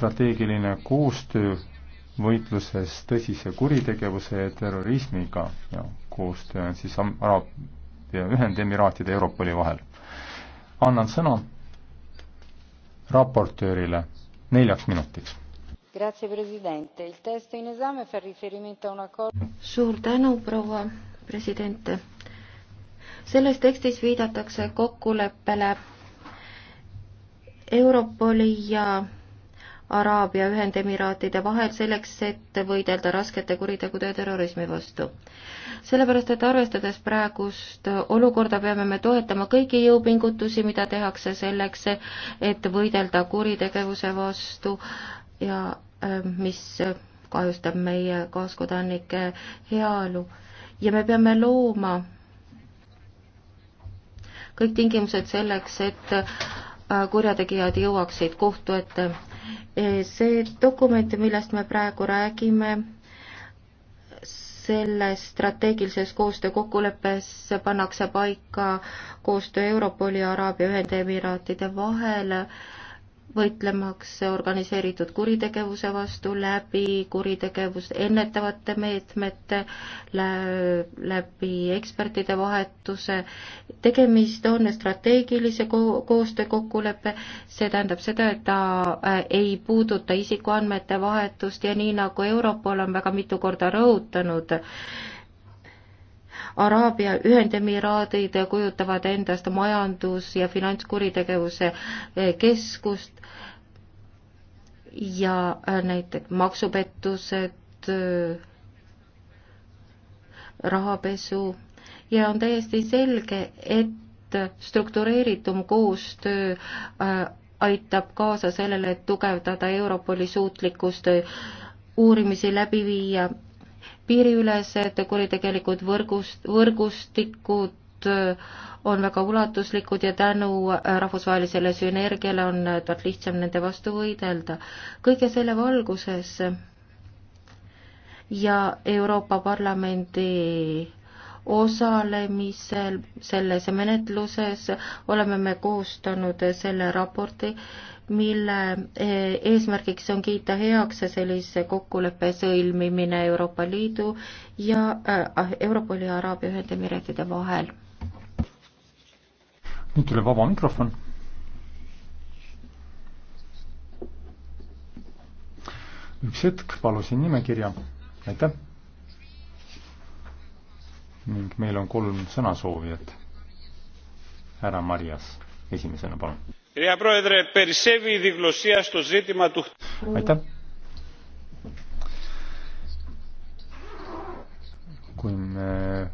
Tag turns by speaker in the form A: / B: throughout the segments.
A: strateegiline koostöö võitluses tõsise kuritegevuse ja terrorismiga ja koostöö on siis Araabia Ühendemiraatide ja Europoli vahel. annan sõna raportöörile neljaks minutiks.
B: suur tänu, proua president. selles tekstis viidatakse kokkuleppele Europoli ja Araabia Ühendemiraatide vahel selleks, et võidelda raskete kuritegude ja terrorismi vastu. sellepärast, et arvestades praegust olukorda, peame me toetama kõiki jõupingutusi, mida tehakse selleks, et võidelda kuritegevuse vastu ja äh, mis kahjustab meie kaaskodanike heaolu. ja me peame looma kõik tingimused selleks, et äh, kurjategijad jõuaksid kohtu ette Eh, see dokument, millest me praegu räägime, selles strateegilises koostöökokkuleppes pannakse paika koostöö Europoli ja Araabia Ühendemiraatide vahel võitlemaks organiseeritud kuritegevuse vastu läbi kuritegevust ennetavate meetmete, läbi ekspertide vahetuse. tegemist on strateegilise ko koostöö kokkuleppe, see tähendab seda, et ta äh, ei puuduta isikuandmete vahetust ja nii nagu Europol on väga mitu korda rõhutanud, Araabia Ühendemiraadid kujutavad endast majandus- ja finantskuritegevuse eh, keskust ja eh, näiteks maksupettused, eh, rahapesu ja on täiesti selge, et struktureeritum koostöö aitab kaasa sellele, et tugevdada Europoli suutlikkust uurimisi läbi viia piiriülesed kuritegelikud võrgust, võrgustikud äh, on väga ulatuslikud ja tänu äh, rahvusvahelisele sünergiale on äh, tal lihtsam nende vastu võidelda. kõige selle valguses ja Euroopa Parlamendi osalemisel selles menetluses oleme me koostanud selle raporti, mille eh, eesmärgiks on kiita heaks sellise kokkuleppe sõlmimine Euroopa Liidu ja äh, eh, Europoli ja Araabia Ühendemiratide vahel.
A: nüüd tuleb vaba mikrofon. üks hetk, palusin nimekirja, aitäh. ning meil on kolm sõnasoovijat. härra Marjas esimesena, palun. aitäh. kui me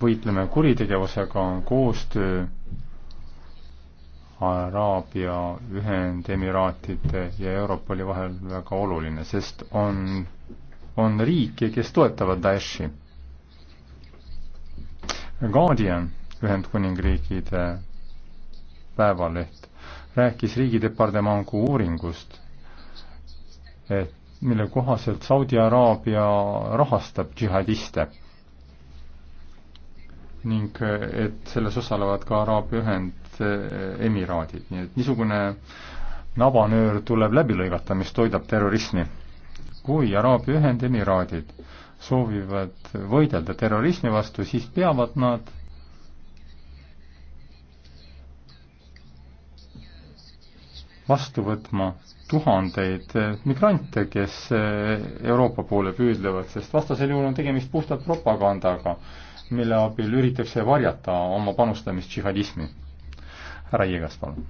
A: võitleme kuritegevusega, on koostöö Araabia Ühendemiraatide ja Europoli vahel väga oluline, sest on, on riike, kes toetavad Daeshi. Guardian, Ühendkuningriigide Päevaleht rääkis Riigidepartemangu uuringust, et mille kohaselt Saudi Araabia rahastab džihadiste ning et selles osalevad ka Araabia Ühendemiraadid, nii et niisugune nabanöör tuleb läbi lõigata, mis toidab terrorismi. kui Araabia Ühendemiraadid soovivad võidelda terrorismi vastu, siis peavad nad vastu võtma tuhandeid eh, migrante, kes eh, Euroopa poole püüdlevad, sest vastasel juhul on tegemist puhtalt propagandaga, mille abil üritatakse varjata oma panustamist džihadismi. härra Jõgas, palun.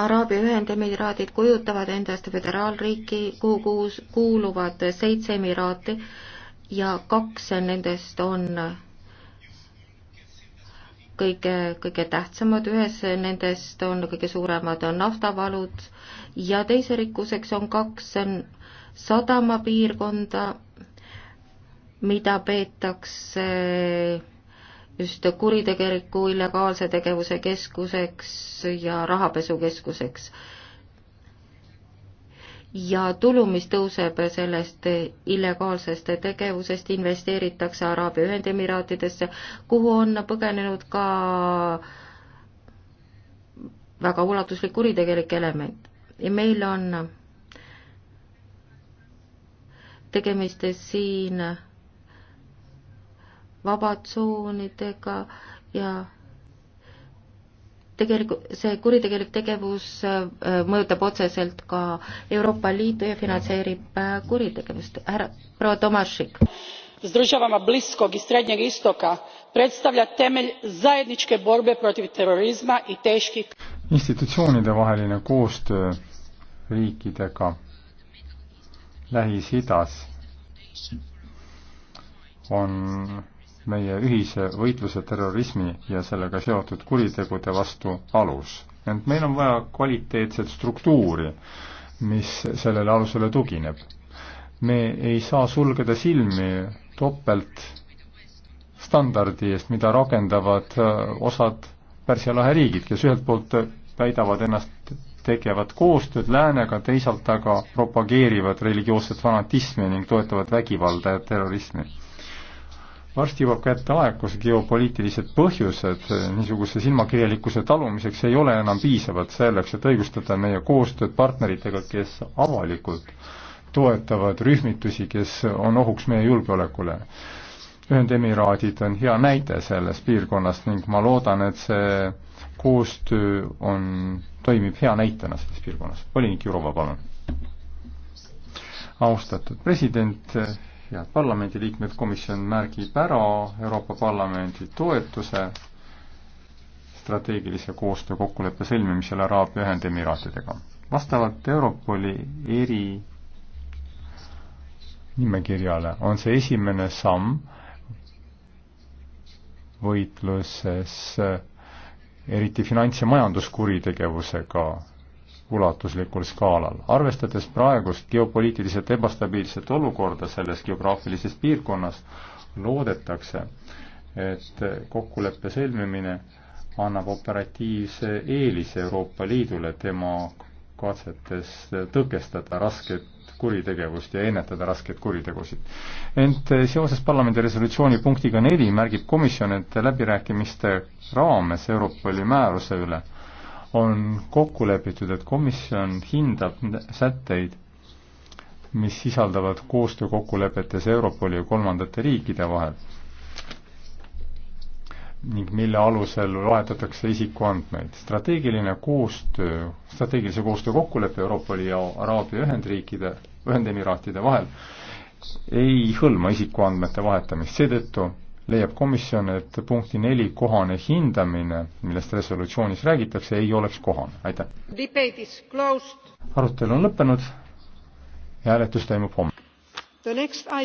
B: Araabia Ühendemiraadid kujutavad endast föderaalriiki, kuhu kuus, kuuluvad seitse emiraati ja kaks nendest on kõige, kõige tähtsamad, ühes nendest on kõige suuremad on naftavalud ja teise rikkuseks on kaks sadamapiirkonda, mida peetakse just kuritegeliku illegaalse tegevuse keskuseks ja rahapesukeskuseks ja tulu, mis tõuseb sellest illegaalsest tegevusest, investeeritakse Araabia Ühendemiraatidesse, kuhu on põgenenud ka väga ulatuslik kuritegelik element. ja meil on tegemist siin vabatsoonidega ja tegelikult see kuritegelik tegevus äh, mõjutab otseselt ka Euroopa Liitu ja finantseerib äh, kuritegevust. härra proua Tomašik. s državama bliskog i srednjeg istoka predstavlja temelj zajedničke borbe protiv terorizma i teških
A: institutsioonide vaheline koostöö riikidega Lähis-Idas on meie ühise võitluse terrorismi ja sellega seotud kuritegude vastu alus. ent meil on vaja kvaliteetset struktuuri, mis sellele alusele tugineb. me ei saa sulgeda silmi topelt standardi eest, mida rakendavad äh, osad Pärsia lahe riigid, kes ühelt poolt väidavad ennast tegevat koostööd läänega, teisalt aga propageerivad religioosset fanatismi ning toetavad vägivalda ja terrorismi varsti jõuab kätte aeg, kus geopoliitilised põhjused niisuguse silmakirjalikkuse talumiseks ei ole enam piisavad selleks, et õigustada meie koostööd partneritega, kes avalikult toetavad rühmitusi, kes on ohuks meie julgeolekule. Ühendemiraadid on hea näide sellest piirkonnast ning ma loodan, et see koostöö on, toimib hea näitena selles piirkonnas. volinik Jurova, palun. austatud president, head parlamendiliikmed, komisjon märgib ära Euroopa Parlamendi toetuse strateegilise koostöö kokkuleppe sõlmimisel Araabia Ühendemiraatidega. vastavalt Europoli eri nimekirjale on see esimene samm võitluses eriti finants- ja majanduskuritegevusega ulatuslikul skaalal. arvestades praegust geopoliitiliselt ebastabiilset olukorda selles geograafilises piirkonnas, loodetakse, et kokkuleppe sõlmimine annab operatiivse eelise Euroopa Liidule tema katsetes tõkestada rasket kuritegevust ja ennetada raskeid kuritegusid. ent seoses parlamendi resolutsiooni punktiga neli märgib komisjon, et läbirääkimiste raames Europoli määruse üle on kokku lepitud, et komisjon hindab sätteid, mis sisaldavad koostöökokkulepetes Europoli ja kolmandate riikide vahel ning mille alusel vahetatakse isikuandmeid. strateegiline koostöö, strateegilise koostöö kokkulepe Europoli ja Araabia Ühendriikide, Ühendemiraatide vahel ei hõlma isikuandmete vahetamist, seetõttu leiab komisjon, et punkti neli kohane hindamine, millest resolutsioonis räägitakse, ei oleks kohane, aitäh. arutelu on lõppenud, hääletus toimub
B: homme.